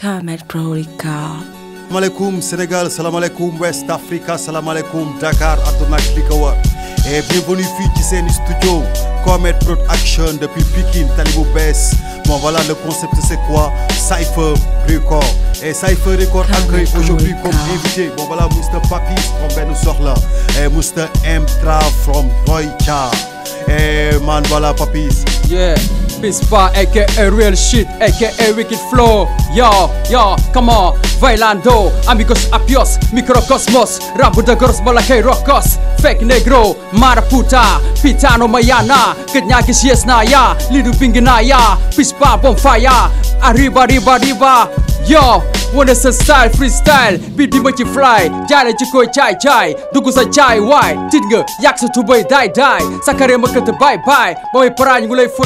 Kamer Prorica. salaamaaleykum Sénégal salaamaaleykum West Africa salaamaaleykum Dakar àdduna ak li ko wër et seen studio Comet Production depuis Pikine tali bu bees bon le concept c'est quoi Cypher Record et eh, Cypher Record accueille aujourd'hui comme invité bon voilà Mr Papis from benn soxla et Mr from Roy Cha et eh, man Papis. Space Bar, aka Real Shit, aka Wicked Flow. Yo, yo, come on, bailando, amigos apios, microcosmos, goros malakay rocos, fake negro, maraputa, pitano mayana, kenyaki sies lidu pinginaya, Space Bar bonfire, arriba, arriba, arriba, yo. style freestyle Beat đi mới fly Chai là chỉ coi chai chai sa chai why Tin ngờ Yak sa tu bay die die Sakare mà cần bye bye Mà mày para những người phụ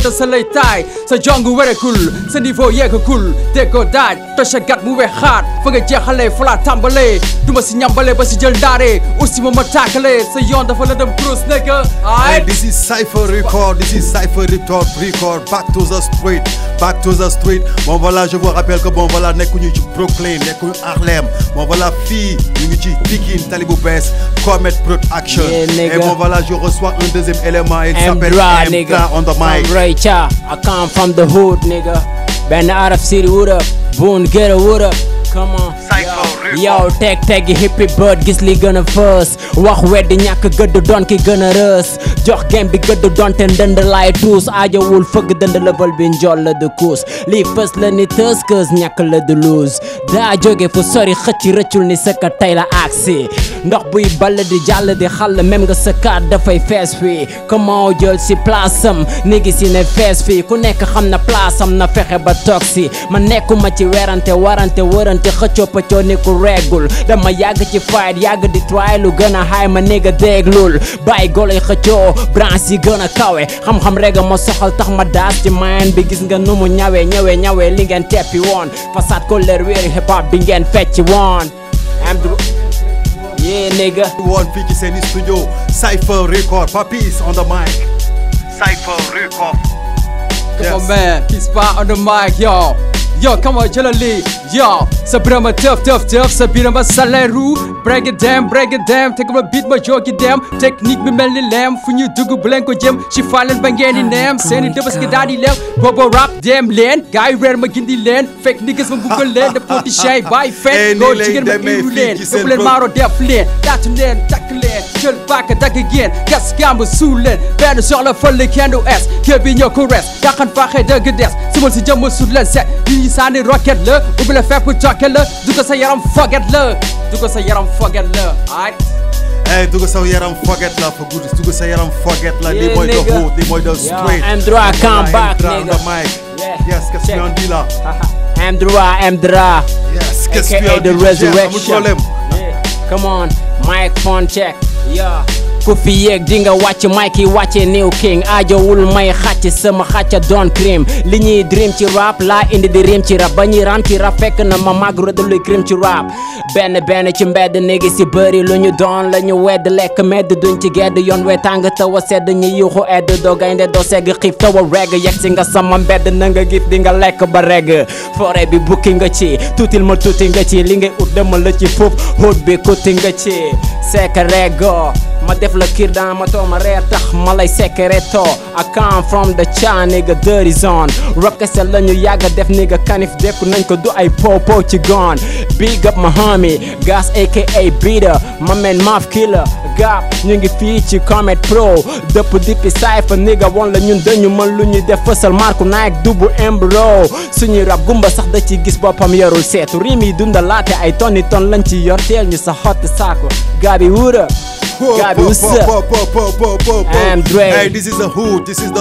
saay sa jong werekul sa niveau yeegakul déggoo daaj toca gat mu weex xaat fa nga jeexalee fa laa tàmbalee duma si ñambale ba si jël ndaare aussi ma ma taakale sa yoon dafa la dem cruise nekk ay this is Cypher Record this is Cypher Record record back to the street back to the street bon voilà je vous rappelle que bon voilà nekkuñu ci Brooklyn nekkuñu Harlem bon voilà fii ñu ngi ci Pikine tali bu bees Comet Production et bon voilà je reçois un deuxième élément il s'appelle Mdra on the mic I from the hood, nigga. Been out of city, what up? Boon, get a what up? Come on. yow bird gis li gën a fës wax weddi ñàkk gëdd doon ki gën rës jox game bi gëdd donte ndënd laay tuus aajowul fëgg dënd lëbal bi njool la de kuus lii fës la ni tës kës ñàkk la de luus daa jóge fu sori xëcc rëccul ni sëkka tey la agsi ndox buy ball di jàll di xàll même nga sëkkaat dafay fees fii comment jël si place am ni gi si ne fees fii ku nekk xam na place am na fexe ba toog si ma nekkuma ci werante warante wërante xëccoo pëccoo ni ku reegul dama yàgg ci fight yàgg di try lu gën a xaay ma néega déeglul bàyyi goloy branche yi gën a kawe xam-xam rek ma soxal tax ma daas ci bi gis nga nu mu ñawee ñawee ñawee li ngeen teppi woon façade ko leer wéeri hip hop bi ngeen fecci woon yeah nigga woon fii ci studio Cypher Record papis on the mic Cypher Record yo yo come on lii Събирам тъв, тъв, тъв, събирам салеру Брега дем, брега дем, тека ма бит ма йоги дем Техник ми мели лем, фуню дугу бленко дем Ши файлен бангени нем, сени дъба скедади лем Боба рап дем лен, гай рер ма гинди лен Фек нигъс ма гука лен, да поти шей бай фен Го чиген ма гиру лен, дъблен маро деф лен Дату лен, така лен, чъл бака так again Гас гамбо су лен, бено шола фърле кендо ес Кеби ньо корес, яхан фахе дъгъдес Симон си джамбо су лен сет, бини сани рокет ле Убеле феп по чак paquet la dugal sa yaram foget la dugal sa yaram foget la alright. hey dugal sa yaram foget la for good dugal sa yaram foget la. lii mooy the hood lii mooy the street. am droit come back nigga. yes question di la. am droit am droit. yes question di la aka the resurrection. come on microphone check. yeah. ku fi yeeg di nga wàcc mike yi wàcce new king aajowul may xàcc sama xàcca doon crime li ñuy dream ci rap laa indi di rim ci rab ba ñuy ram ci rap fekk na ma mag rëdaluy crime ci rap benn benn ci mbedd néegi si bëri lu ñu doon la ñu wedd lekk medd duñ ci gedd yoon we tàng taw wa sedd ñu yuuxu edd doo gaynde doo segg xiif taw a regg yegg nga sama mbedd na gis di nga lekk ba regg forêt bi bukki nga ci tuutil ma tuuti nga ci li ngay ut dama la ci foof hóot bi kuti nga ci sekk reggo ma def la kiir daan ma too ma reer tax ma lay sekere too I come from the cha nigga dirty zone rap kese la ñu yàgga def nigga kanif def nañ ko du ay popo ci gone big up my homie gas aka Bida ma man maf killer gap ñu ngi fii ci Comet Pro dëpp dippi cypher nigga woon la ñun dañu mën lu ñuy def fësal marku Nike dubu embro suñuy rap gumba sax da ci gis boppam yorul seetu rim yi dunda laate ay tonni ton lañ ci yor teel ñu sa xotti saako gabi wuura Gabi, what's up? I'm Dre. Hey, this is the hood, this is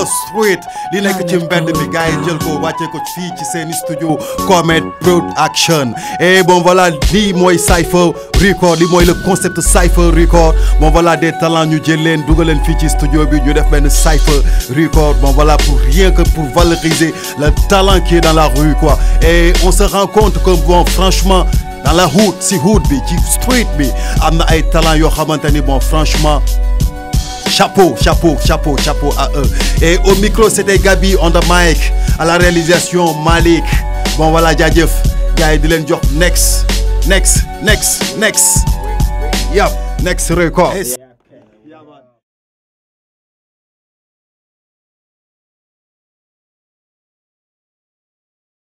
li nekk ci mbedd bi gars yi jël ko wàccee ko fii ci seen studio Comet Production. et bon voilà lii mooy Cypher Record lii mooy le concept Cypher Record bon voilà des talents ñu jël leen dugal fii ci studio bi ñu def benn Cypher Record bon voilà pour rien que pour valoriser le talent qui est dans la rue quoi. et on se rend compte que bon franchement. dans la hood si hood bi ci street bi am na ay talent yoo xamante ni bon franchement chapeau chapeau chapeau chapeau à eux et au micro c'était Gabi on the mic à la réalisation Malik bon voilà jaajëf gars yi di leen jox next next next next yep next record.